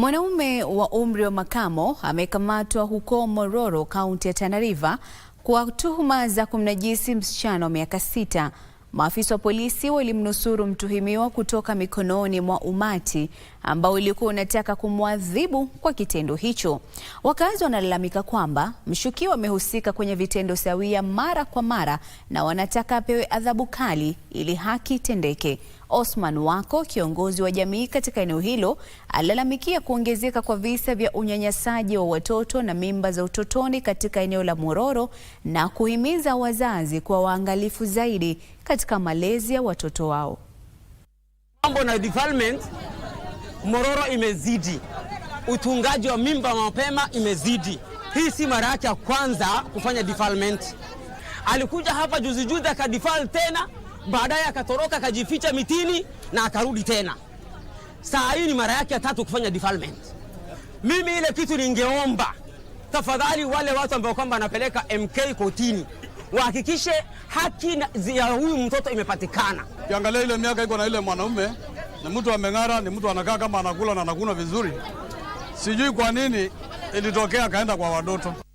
Mwanaume wa umri wa makamo amekamatwa huko Mororo, kaunti ya Tana River kwa tuhuma za kumnajisi msichana wa miaka sita. Maafisa wa polisi walimnusuru mtuhumiwa kutoka mikononi mwa umati ambao ulikuwa unataka kumwadhibu kwa kitendo hicho. Wakazi wanalalamika kwamba mshukiwa amehusika kwenye vitendo sawia mara kwa mara na wanataka apewe adhabu kali ili haki itendeke. Osman Wako, kiongozi wa jamii katika eneo hilo, alalamikia kuongezeka kwa visa vya unyanyasaji wa watoto na mimba za utotoni katika eneo la Mororo na kuhimiza wazazi kuwa waangalifu zaidi katika malezi ya watoto wao. Mambo na development Mororo imezidi, utungaji wa mimba mapema imezidi. Hii si mara yake ya kwanza kufanya development. Alikuja hapa juzi juzi akadefal tena baadaye akatoroka akajificha mitini na akarudi tena. Saa hii ni mara yake ya tatu kufanya defilement. Mimi ile kitu ningeomba tafadhali, wale watu ambao kwamba wanapeleka MK kotini wahakikishe haki ya huyu mtoto imepatikana. Ukiangalia ile miaka iko na ile mwanaume ni mtu ameng'ara, ni mtu anakaa kama anakula na anakuna vizuri, sijui kwa nini ilitokea akaenda kwa watoto.